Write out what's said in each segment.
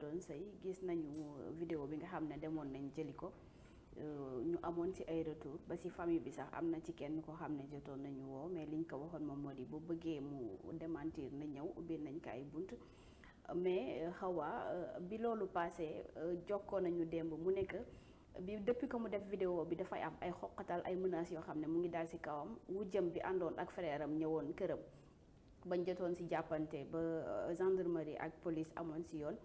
doon sëy gis nañu euh, vidéo bi nga xam ne demoon nañ jëli ko euh, ñu amoon ci ay retour ba ci famille bi sax am na ci kenn koo xam ne jotoon nañu woo mais liñ ko waxoon moom moo di bu bëggee mu démentir na ñëw ubbi nañ ko ay bunt mais xawa euh, bi loolu passé jokkoo nañu démb mu nekk bi depuis que mu def vidéo bi dafay am ay xoqatal ay menaces yoo xam ne mu ngi daal ci kawam wu jëm bi àndoon ak frère ñëwoon këram bañ jotoon ci jàppante ba gendarmerie ak police amoon ci yoon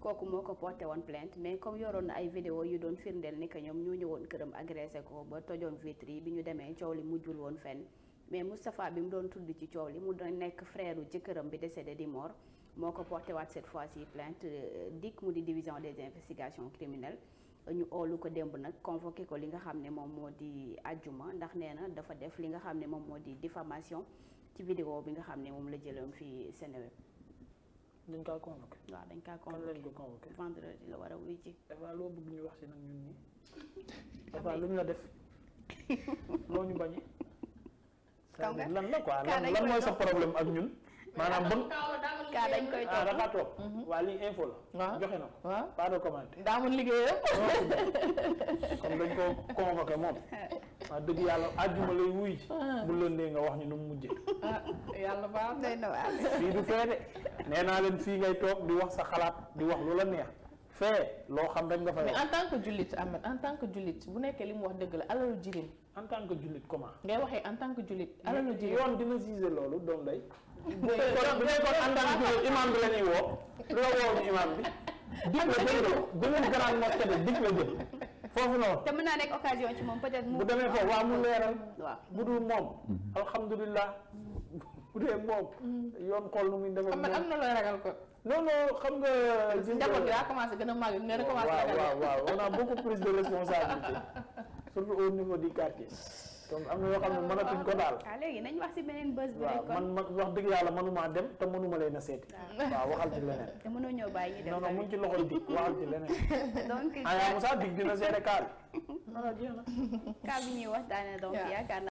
kooku moo ko porté woon plainte mais comme yoroon na ay vidéo yu doon firndeel ni ñoom ñoo ñëwoon këram agressé ko ba tojoon vitre yi bi ñu demee coow li mujjul woon fen mais Moustapha bi mu doon tudd ci coow li mu doon nekk frère ci këram bi décédé di mort moo ko porté waat cette fois ci plainte euh, DIC mu di division des investigations criminelles ñu oolu ko démb nag convoqué ko li nga xam ne moom moo di ajjuma ndax nee na dafa def li nga xam ne moom moo di diffamation ci vidéo bi nga xam ne moom la jëloon fii Seneweb dañ kaa convoqué. waaw dañ kaa convoqué kan lañ ko convoqué. vendredi la war a wuy ji. dafa loo bëgg ñu wax si nag ñun nii. dafa lu ñu la def loo ñu bañee. lan la quoi lan lan mooy sa problème ak ñun. maanaam bon kaa dañ koy toog ah dafa mhm. waa lii info la. joxe na ko. waaw pas de commenté. daa mun dañ ko moom. wax dëgg yàlla àjjuma lay wuy ji. Ah. bu lëndee nga wax ñu nu mu mujjee. Ah, yàlla baax na na waay. fii du fee de nee naa leen fii ngay toog di wax sa xalaat di wax lu la neex. fee loo xam rek nga fa mais que jullit Ahmed en tant que jullit bu nekkee li wax dëgg tant que jullit comment. ngay waxee en tant que jullit. alalu jirim yoon dina gisé loolu doom day. bu fekkoon bu fekkoon en tant imaam bi la ñuy woo. la woo imaam bi. dig la jëm la grande foofu noonu. te mën naa nekk occasion ci moom peut-être. mu demee foofu waaw mu leeral. waaw bu dul moom. alhamdulilah. bu dee moom. Mm. yoon xool nu muy demee moom xam nga. gis nga njaboot bi daa commencé gën a màgg nga recommencé. waaw waaw waaw on a beaucoup plus de surtout au niveau du quartier. donc am na yoo xam ne mënatuñ ko daal. ah léegi nañ wax si beneen bés bi rek. man man wax dëgg yàlla mënumaa dem te mënuma leen a seeti. Ah. waaw waxal ci leneen. te mënoo ñëw bàyyi ñu dem non non mu ngi ci loxoy dig waxal ci leneen. donc aywa ah, Moussa dig dina seere kaar. Ah, kaar bi ñuy waxtaanee donc yaakaar